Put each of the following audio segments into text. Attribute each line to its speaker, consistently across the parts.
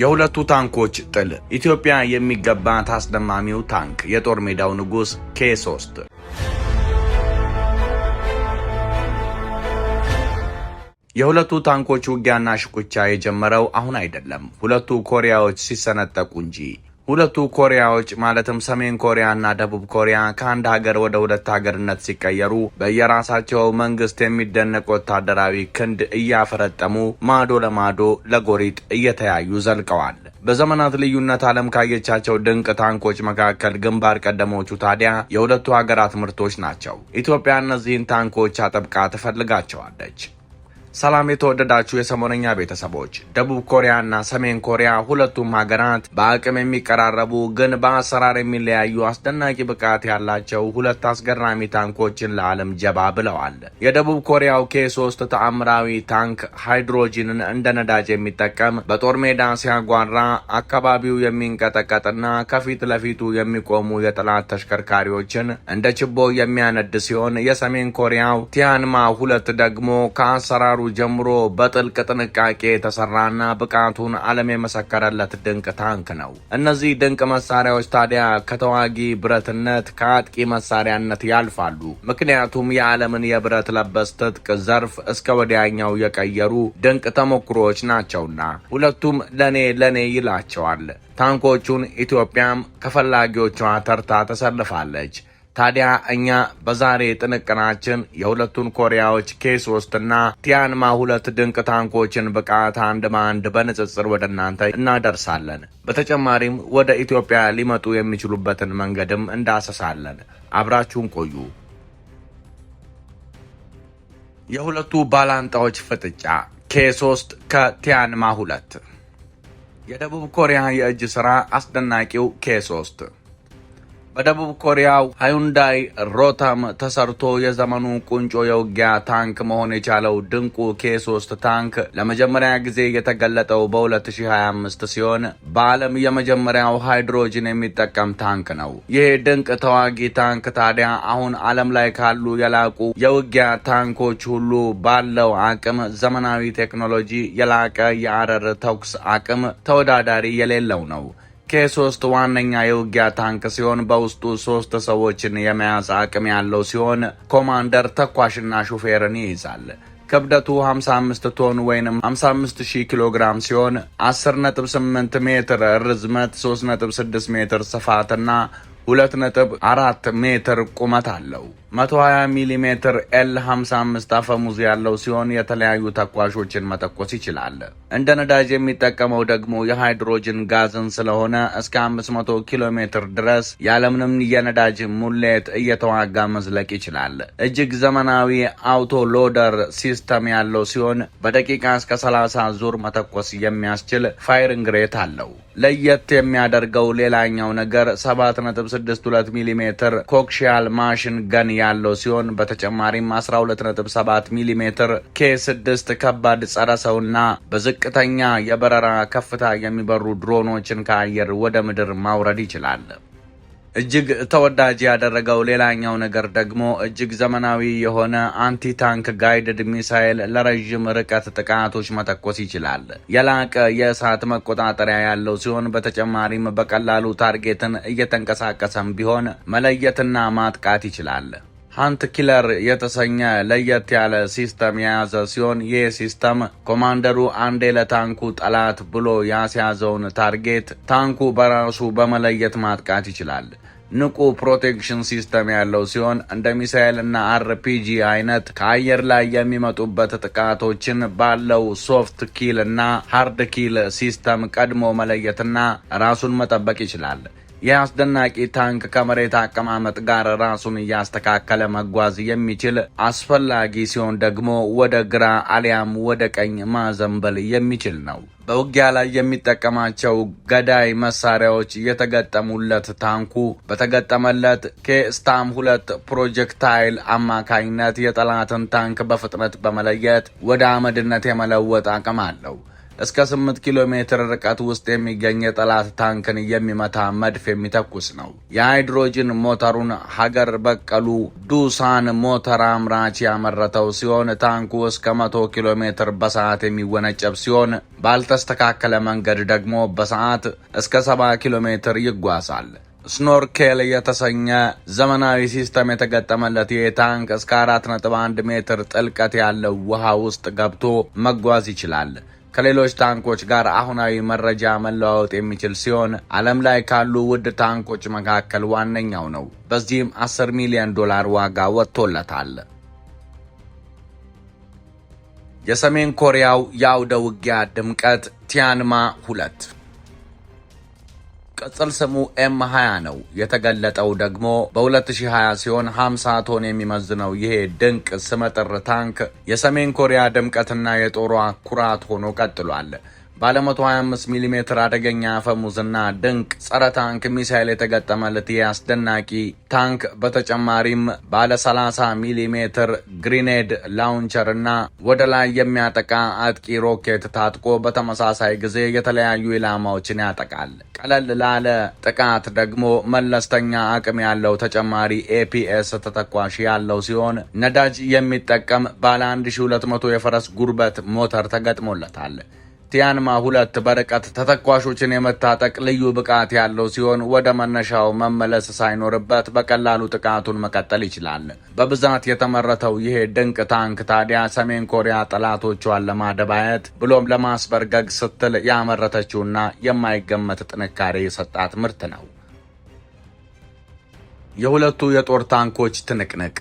Speaker 1: የሁለቱ ታንኮች ጥል ኢትዮጵያ የሚገባት አስደማሚው ታንክ የጦር ሜዳው ንጉሥ ኬ3 የሁለቱ ታንኮች ውጊያና ሽኩቻ የጀመረው አሁን አይደለም፣ ሁለቱ ኮሪያዎች ሲሰነጠቁ እንጂ። ሁለቱ ኮሪያዎች ማለትም ሰሜን ኮሪያ እና ደቡብ ኮሪያ ከአንድ ሀገር ወደ ሁለት ሀገርነት ሲቀየሩ በየራሳቸው መንግስት የሚደነቅ ወታደራዊ ክንድ እያፈረጠሙ ማዶ ለማዶ ለጎሪጥ እየተያዩ ዘልቀዋል። በዘመናት ልዩነት ዓለም ካየቻቸው ድንቅ ታንኮች መካከል ግንባር ቀደሞቹ ታዲያ የሁለቱ ሀገራት ምርቶች ናቸው። ኢትዮጵያ እነዚህን ታንኮች አጥብቃ ትፈልጋቸዋለች። ሰላም የተወደዳችሁ የሰሞነኛ ቤተሰቦች፣ ደቡብ ኮሪያና ሰሜን ኮሪያ ሁለቱም ሀገራት በአቅም የሚቀራረቡ ግን በአሰራር የሚለያዩ አስደናቂ ብቃት ያላቸው ሁለት አስገራሚ ታንኮችን ለዓለም ጀባ ብለዋል። የደቡብ ኮሪያው ኬ ሶስት ተአምራዊ ታንክ ሃይድሮጂንን እንደ ነዳጅ የሚጠቀም በጦር ሜዳ ሲያጓራ አካባቢው የሚንቀጠቀጥና ከፊት ለፊቱ የሚቆሙ የጠላት ተሽከርካሪዎችን እንደ ችቦ የሚያነድ ሲሆን የሰሜን ኮሪያው ቲያንማ ሁለት ደግሞ ከአሰራሩ ጀምሮ በጥልቅ ጥንቃቄ የተሰራና ብቃቱን ዓለም የመሰከረለት ድንቅ ታንክ ነው። እነዚህ ድንቅ መሳሪያዎች ታዲያ ከተዋጊ ብረትነት ከአጥቂ መሳሪያነት ያልፋሉ። ምክንያቱም የዓለምን የብረት ለበስ ትጥቅ ዘርፍ እስከ ወዲያኛው የቀየሩ ድንቅ ተሞክሮዎች ናቸውና ሁለቱም ለኔ ለኔ ይላቸዋል። ታንኮቹን ኢትዮጵያም ከፈላጊዎቿ ተርታ ተሰልፋለች። ታዲያ እኛ በዛሬ ጥንቅናችን የሁለቱን ኮሪያዎች ኬስ ሶስትና ቲያንማ ሁለት ድንቅ ታንኮችን ብቃት አንድ ማንድ በንጽጽር ወደ እናንተ እናደርሳለን። በተጨማሪም ወደ ኢትዮጵያ ሊመጡ የሚችሉበትን መንገድም እንዳሰሳለን። አብራችሁን ቆዩ። የሁለቱ ባላንጣዎች ፍጥጫ ኬ ሶስት ከቲያንማ ሁለት። የደቡብ ኮሪያ የእጅ ሥራ አስደናቂው ኬ ሶስት በደቡብ ኮሪያው ሃዩንዳይ ሮተም ተሰርቶ የዘመኑ ቁንጮ የውጊያ ታንክ መሆን የቻለው ድንቁ ኬ ታንክ ለመጀመሪያ ጊዜ የተገለጠው በ2025 ሲሆን በዓለም የመጀመሪያው ሃይድሮጅን የሚጠቀም ታንክ ነው። ይህ ድንቅ ተዋጊ ታንክ ታዲያ አሁን ዓለም ላይ ካሉ የላቁ የውጊያ ታንኮች ሁሉ ባለው አቅም፣ ዘመናዊ ቴክኖሎጂ፣ የላቀ የአረር ተኩስ አቅም ተወዳዳሪ የሌለው ነው። ከሶስት ዋነኛ የውጊያ ታንክ ሲሆን በውስጡ ሶስት ሰዎችን የመያዝ አቅም ያለው ሲሆን ኮማንደር፣ ተኳሽና ሹፌርን ይይዛል። ክብደቱ 55 ቶን ወይም 55000 ኪሎ ግራም ሲሆን 10.8 ሜትር ርዝመት፣ 3.6 ሜትር ስፋትና 2.4 ሜትር ቁመት አለው። 120 ሚሜ ኤል 55 አፈሙዝ ያለው ሲሆን የተለያዩ ተኳሾችን መተኮስ ይችላል። እንደ ነዳጅ የሚጠቀመው ደግሞ የሃይድሮጅን ጋዝን ስለሆነ እስከ 500 ኪሎ ሜትር ድረስ ያለምንም የነዳጅ ሙሌት እየተዋጋ መዝለቅ ይችላል። እጅግ ዘመናዊ አውቶ ሎደር ሲስተም ያለው ሲሆን በደቂቃ እስከ 30 ዙር መተኮስ የሚያስችል ፋይሪንግ ሬት አለው። ለየት የሚያደርገው ሌላኛው ነገር 7.62 ሚሜ ኮክሽያል ማሽን ገን ያለው ሲሆን በተጨማሪም 127 ሚሜ ኬ6 ከባድ ጸረ ሰውና በዝቅተኛ የበረራ ከፍታ የሚበሩ ድሮኖችን ከአየር ወደ ምድር ማውረድ ይችላል። እጅግ ተወዳጅ ያደረገው ሌላኛው ነገር ደግሞ እጅግ ዘመናዊ የሆነ አንቲ ታንክ ጋይድድ ሚሳይል ለረዥም ርቀት ጥቃቶች መተኮስ ይችላል። የላቀ የእሳት መቆጣጠሪያ ያለው ሲሆን በተጨማሪም በቀላሉ ታርጌትን እየተንቀሳቀሰም ቢሆን መለየትና ማጥቃት ይችላል። ሀንት ኪለር የተሰኘ ለየት ያለ ሲስተም የያዘ ሲሆን ይህ ሲስተም ኮማንደሩ አንዴ ለታንኩ ጠላት ብሎ ያስያዘውን ታርጌት ታንኩ በራሱ በመለየት ማጥቃት ይችላል። ንቁ ፕሮቴክሽን ሲስተም ያለው ሲሆን እንደ ሚሳኤል እና አርፒጂ አይነት ከአየር ላይ የሚመጡበት ጥቃቶችን ባለው ሶፍት ኪል እና ሃርድ ኪል ሲስተም ቀድሞ መለየትና ራሱን መጠበቅ ይችላል። የአስደናቂ ታንክ ከመሬት አቀማመጥ ጋር ራሱን እያስተካከለ መጓዝ የሚችል አስፈላጊ ሲሆን ደግሞ ወደ ግራ አሊያም ወደ ቀኝ ማዘንበል የሚችል ነው። በውጊያ ላይ የሚጠቀማቸው ገዳይ መሳሪያዎች የተገጠሙለት ታንኩ በተገጠመለት ኬስታም ሁለት ፕሮጀክታይል አማካኝነት የጠላትን ታንክ በፍጥነት በመለየት ወደ አመድነት የመለወጥ አቅም አለው። እስከ 8 ኪሎ ሜትር ርቀት ውስጥ የሚገኝ የጠላት ታንክን የሚመታ መድፍ የሚተኩስ ነው። የሃይድሮጂን ሞተሩን ሀገር በቀሉ ዱሳን ሞተር አምራች ያመረተው ሲሆን ታንኩ እስከ 100 ኪሎ ሜትር በሰዓት የሚወነጨብ ሲሆን ባልተስተካከለ መንገድ ደግሞ በሰዓት እስከ 70 ኪሎ ሜትር ይጓዛል። ስኖርኬል የተሰኘ ዘመናዊ ሲስተም የተገጠመለት ይህ ታንክ እስከ 4.1 ሜትር ጥልቀት ያለው ውሃ ውስጥ ገብቶ መጓዝ ይችላል። ከሌሎች ታንኮች ጋር አሁናዊ መረጃ መለዋወጥ የሚችል ሲሆን ዓለም ላይ ካሉ ውድ ታንኮች መካከል ዋነኛው ነው። በዚህም 10 ሚሊዮን ዶላር ዋጋ ወጥቶለታል። የሰሜን ኮሪያው የአውደ ውጊያ ድምቀት ቲያንማ ሁለት ቅጽል ስሙ ኤም 20 ነው። የተገለጠው ደግሞ በ2020 ሲሆን 50 ቶን የሚመዝነው ይሄ ድንቅ ስመጥር ታንክ የሰሜን ኮሪያ ድምቀትና የጦሯ ኩራት ሆኖ ቀጥሏል። ባለ 125 ሚሜ አደገኛ አፈሙዝና ድንቅ ጸረ ታንክ ሚሳይል የተገጠመለት ይህ አስደናቂ ታንክ በተጨማሪም ባለ 30 ሚሜ ግሪኔድ ላውንቸር እና ወደ ላይ የሚያጠቃ አጥቂ ሮኬት ታጥቆ በተመሳሳይ ጊዜ የተለያዩ ኢላማዎችን ያጠቃል። ቀለል ላለ ጥቃት ደግሞ መለስተኛ አቅም ያለው ተጨማሪ ኤፒኤስ ተተኳሽ ያለው ሲሆን ነዳጅ የሚጠቀም ባለ 1200 የፈረስ ጉርበት ሞተር ተገጥሞለታል። ቲያንማ ሁለት በርቀት ተተኳሾችን የመታጠቅ ልዩ ብቃት ያለው ሲሆን ወደ መነሻው መመለስ ሳይኖርበት በቀላሉ ጥቃቱን መቀጠል ይችላል። በብዛት የተመረተው ይሄ ድንቅ ታንክ ታዲያ ሰሜን ኮሪያ ጠላቶቿን ለማደባየት ብሎም ለማስበርገግ ስትል ያመረተችውና የማይገመት ጥንካሬ የሰጣት ምርት ነው። የሁለቱ የጦር ታንኮች ትንቅንቅ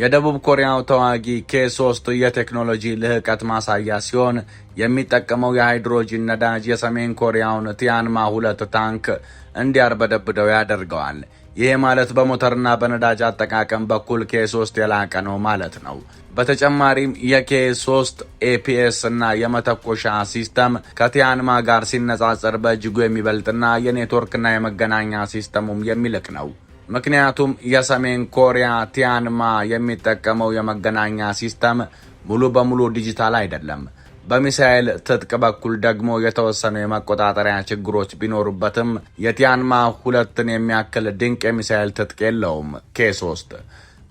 Speaker 1: የደቡብ ኮሪያው ተዋጊ ኬ3 የቴክኖሎጂ ልህቀት ማሳያ ሲሆን የሚጠቀመው የሃይድሮጂን ነዳጅ የሰሜን ኮሪያውን ቲያንማ ሁለት ታንክ እንዲያርበደብደው ያደርገዋል። ይሄ ማለት በሞተርና በነዳጅ አጠቃቀም በኩል ኬ3 የላቀ ነው ማለት ነው። በተጨማሪም የኬ3 ኤፒኤስ እና የመተኮሻ ሲስተም ከቲያንማ ጋር ሲነጻጸር በእጅጉ የሚበልጥና የኔትወርክና የመገናኛ ሲስተሙም የሚልቅ ነው። ምክንያቱም የሰሜን ኮሪያ ቲያንማ የሚጠቀመው የመገናኛ ሲስተም ሙሉ በሙሉ ዲጂታል አይደለም። በሚሳኤል ትጥቅ በኩል ደግሞ የተወሰኑ የመቆጣጠሪያ ችግሮች ቢኖሩበትም የቲያንማ ሁለትን የሚያክል ድንቅ የሚሳኤል ትጥቅ የለውም ኬ3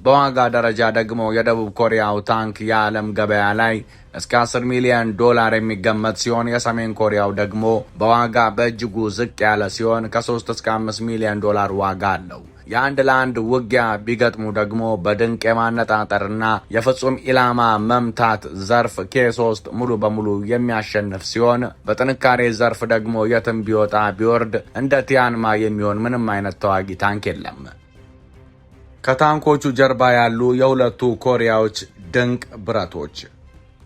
Speaker 1: በዋጋ ደረጃ ደግሞ የደቡብ ኮሪያው ታንክ የዓለም ገበያ ላይ እስከ 10 ሚሊዮን ዶላር የሚገመት ሲሆን የሰሜን ኮሪያው ደግሞ በዋጋ በእጅጉ ዝቅ ያለ ሲሆን ከ3 እስከ 5 ሚሊዮን ዶላር ዋጋ አለው። የአንድ ለአንድ ውጊያ ቢገጥሙ ደግሞ በድንቅ የማነጣጠርና የፍጹም ኢላማ መምታት ዘርፍ ኬ3 ሙሉ በሙሉ የሚያሸንፍ ሲሆን በጥንካሬ ዘርፍ ደግሞ የትም ቢወጣ ቢወርድ እንደ ቲያንማ የሚሆን ምንም አይነት ተዋጊ ታንክ የለም። ከታንኮቹ ጀርባ ያሉ የሁለቱ ኮሪያዎች ድንቅ ብረቶች፣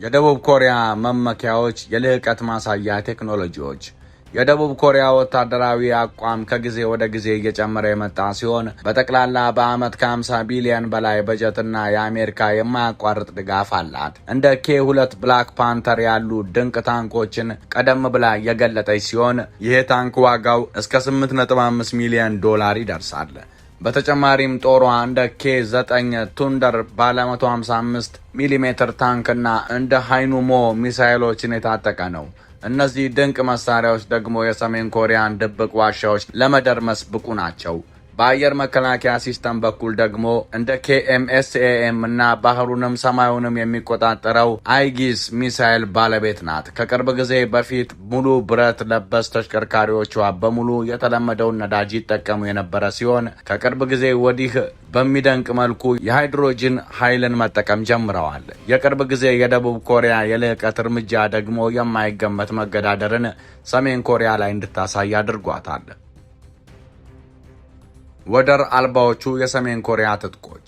Speaker 1: የደቡብ ኮሪያ መመኪያዎች፣ የልህቀት ማሳያ ቴክኖሎጂዎች። የደቡብ ኮሪያ ወታደራዊ አቋም ከጊዜ ወደ ጊዜ እየጨመረ የመጣ ሲሆን በጠቅላላ በዓመት ከ50 ቢሊዮን በላይ በጀትና የአሜሪካ የማያቋርጥ ድጋፍ አላት። እንደ ኬ ሁለት ብላክ ፓንተር ያሉ ድንቅ ታንኮችን ቀደም ብላ የገለጠች ሲሆን ይሄ ታንክ ዋጋው እስከ 8.5 ሚሊዮን ዶላር ይደርሳል። በተጨማሪም ጦሯ እንደ ኬ ዘ9 ቱንደር ባለ 155 ሚሜ ታንክና እንደ ሃይኑሞ ሚሳይሎችን የታጠቀ ነው። እነዚህ ድንቅ መሳሪያዎች ደግሞ የሰሜን ኮሪያን ድብቅ ዋሻዎች ለመደርመስ ብቁ ናቸው። በአየር መከላከያ ሲስተም በኩል ደግሞ እንደ ኬኤምኤስኤኤም እና ባህሩንም ሰማዩንም የሚቆጣጠረው አይጊስ ሚሳይል ባለቤት ናት። ከቅርብ ጊዜ በፊት ሙሉ ብረት ለበስ ተሽከርካሪዎቿ በሙሉ የተለመደውን ነዳጅ ይጠቀሙ የነበረ ሲሆን ከቅርብ ጊዜ ወዲህ በሚደንቅ መልኩ የሃይድሮጅን ኃይልን መጠቀም ጀምረዋል። የቅርብ ጊዜ የደቡብ ኮሪያ የልዕቀት እርምጃ ደግሞ የማይገመት መገዳደርን ሰሜን ኮሪያ ላይ እንድታሳይ አድርጓታል። ወደር አልባዎቹ የሰሜን ኮሪያ ትጥቆች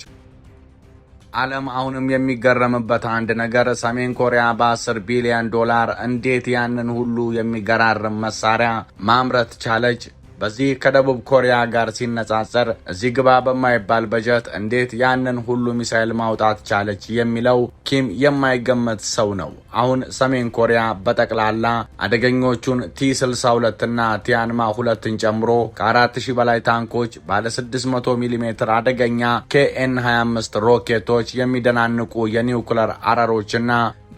Speaker 1: ዓለም አሁንም የሚገረምበት አንድ ነገር ሰሜን ኮሪያ በ10 ቢሊዮን ዶላር እንዴት ያንን ሁሉ የሚገራርም መሳሪያ ማምረት ቻለች? በዚህ ከደቡብ ኮሪያ ጋር ሲነጻጸር እዚህ ግባ በማይባል በጀት እንዴት ያንን ሁሉ ሚሳይል ማውጣት ቻለች የሚለው ኪም የማይገመት ሰው ነው። አሁን ሰሜን ኮሪያ በጠቅላላ አደገኞቹን ቲ 62 እና ቲያንማ ሁለትን ጨምሮ ከ4000 በላይ ታንኮች፣ ባለ 600 ሚሜ አደገኛ ኬኤን 25 ሮኬቶች፣ የሚደናንቁ የኒውክለር አረሮችና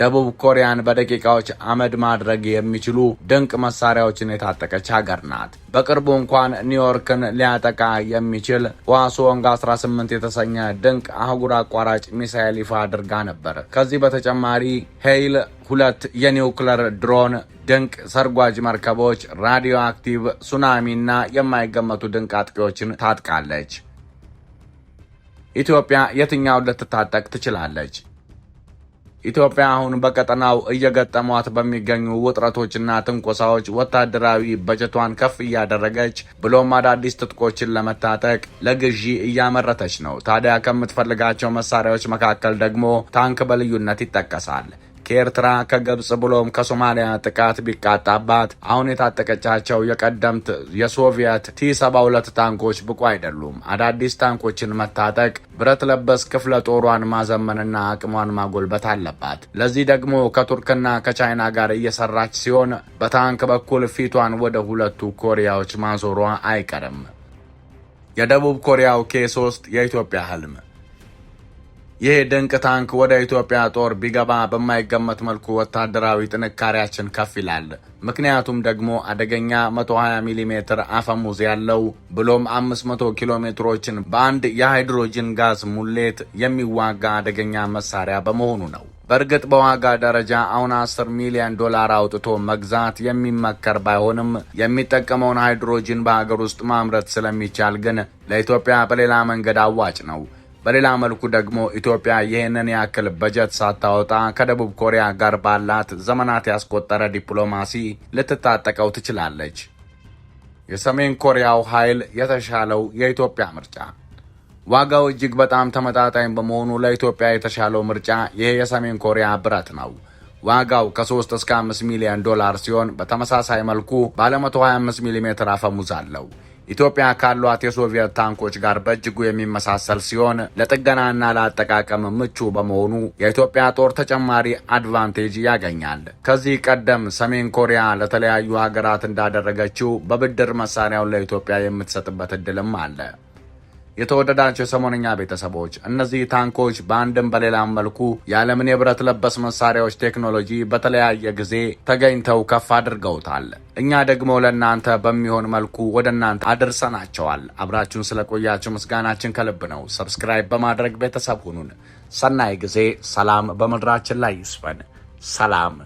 Speaker 1: ደቡብ ኮሪያን በደቂቃዎች አመድ ማድረግ የሚችሉ ድንቅ መሳሪያዎችን የታጠቀች ሀገር ናት። በቅርቡ እንኳን ኒውዮርክን ሊያጠቃ የሚችል ዋሶንግ 18 የተሰኘ ድንቅ አህጉር አቋራጭ ሚሳይል ይፋ አድርጋ ነበር። ከዚህ በተጨማሪ ሄይል ሁለት የኒውክለር ድሮን፣ ድንቅ ሰርጓጅ መርከቦች፣ ራዲዮ አክቲቭ ሱናሚ እና የማይገመቱ ድንቅ አጥቂዎችን ታጥቃለች። ኢትዮጵያ የትኛውን ልትታጠቅ ትችላለች? ኢትዮጵያ አሁን በቀጠናው እየገጠሟት በሚገኙ ውጥረቶችና ትንኮሳዎች ወታደራዊ በጀቷን ከፍ እያደረገች ብሎም አዳዲስ ትጥቆችን ለመታጠቅ ለግዢ እያመረተች ነው። ታዲያ ከምትፈልጋቸው መሳሪያዎች መካከል ደግሞ ታንክ በልዩነት ይጠቀሳል። ከኤርትራ ከግብጽ ብሎም ከሶማሊያ ጥቃት ቢቃጣባት አሁን የታጠቀቻቸው የቀደምት የሶቪየት ቲ 72 ታንኮች ብቁ አይደሉም። አዳዲስ ታንኮችን መታጠቅ፣ ብረት ለበስ ክፍለ ጦሯን ማዘመንና አቅሟን ማጎልበት አለባት። ለዚህ ደግሞ ከቱርክና ከቻይና ጋር እየሰራች ሲሆን በታንክ በኩል ፊቷን ወደ ሁለቱ ኮሪያዎች ማዞሯ አይቀርም። የደቡብ ኮሪያው ኬ 3 የኢትዮጵያ ህልም ይህ ድንቅ ታንክ ወደ ኢትዮጵያ ጦር ቢገባ በማይገመት መልኩ ወታደራዊ ጥንካሬያችን ከፍ ይላል። ምክንያቱም ደግሞ አደገኛ 120 ሚሜ አፈሙዝ ያለው ብሎም 500 ኪሎ ሜትሮችን በአንድ የሃይድሮጅን ጋዝ ሙሌት የሚዋጋ አደገኛ መሳሪያ በመሆኑ ነው። በእርግጥ በዋጋ ደረጃ አሁን 10 ሚሊዮን ዶላር አውጥቶ መግዛት የሚመከር ባይሆንም የሚጠቀመውን ሃይድሮጅን በሀገር ውስጥ ማምረት ስለሚቻል ግን ለኢትዮጵያ በሌላ መንገድ አዋጭ ነው። በሌላ መልኩ ደግሞ ኢትዮጵያ ይህንን ያክል በጀት ሳታወጣ ከደቡብ ኮሪያ ጋር ባላት ዘመናት ያስቆጠረ ዲፕሎማሲ ልትታጠቀው ትችላለች። የሰሜን ኮሪያው ኃይል የተሻለው የኢትዮጵያ ምርጫ ዋጋው እጅግ በጣም ተመጣጣኝ በመሆኑ ለኢትዮጵያ የተሻለው ምርጫ ይህ የሰሜን ኮሪያ ብረት ነው። ዋጋው ከ3 እስከ 5 ሚሊዮን ዶላር ሲሆን በተመሳሳይ መልኩ ባለ 125 ሚሜ አፈሙዝ አለው። ኢትዮጵያ ካሏት የሶቪየት ታንኮች ጋር በእጅጉ የሚመሳሰል ሲሆን ለጥገናና ለአጠቃቀም ምቹ በመሆኑ የኢትዮጵያ ጦር ተጨማሪ አድቫንቴጅ ያገኛል። ከዚህ ቀደም ሰሜን ኮሪያ ለተለያዩ ሀገራት እንዳደረገችው በብድር መሳሪያውን ለኢትዮጵያ የምትሰጥበት እድልም አለ። የተወደዳቸው የሰሞነኛ ቤተሰቦች እነዚህ ታንኮች በአንድም በሌላም መልኩ የዓለምን የብረት ለበስ መሳሪያዎች ቴክኖሎጂ በተለያየ ጊዜ ተገኝተው ከፍ አድርገውታል። እኛ ደግሞ ለእናንተ በሚሆን መልኩ ወደ እናንተ አድርሰናቸዋል። አብራችሁን ስለቆያችሁ ምስጋናችን ከልብ ነው። ሰብስክራይብ በማድረግ ቤተሰብ ሁኑን። ሰናይ ጊዜ። ሰላም በምድራችን ላይ ይስፈን። ሰላም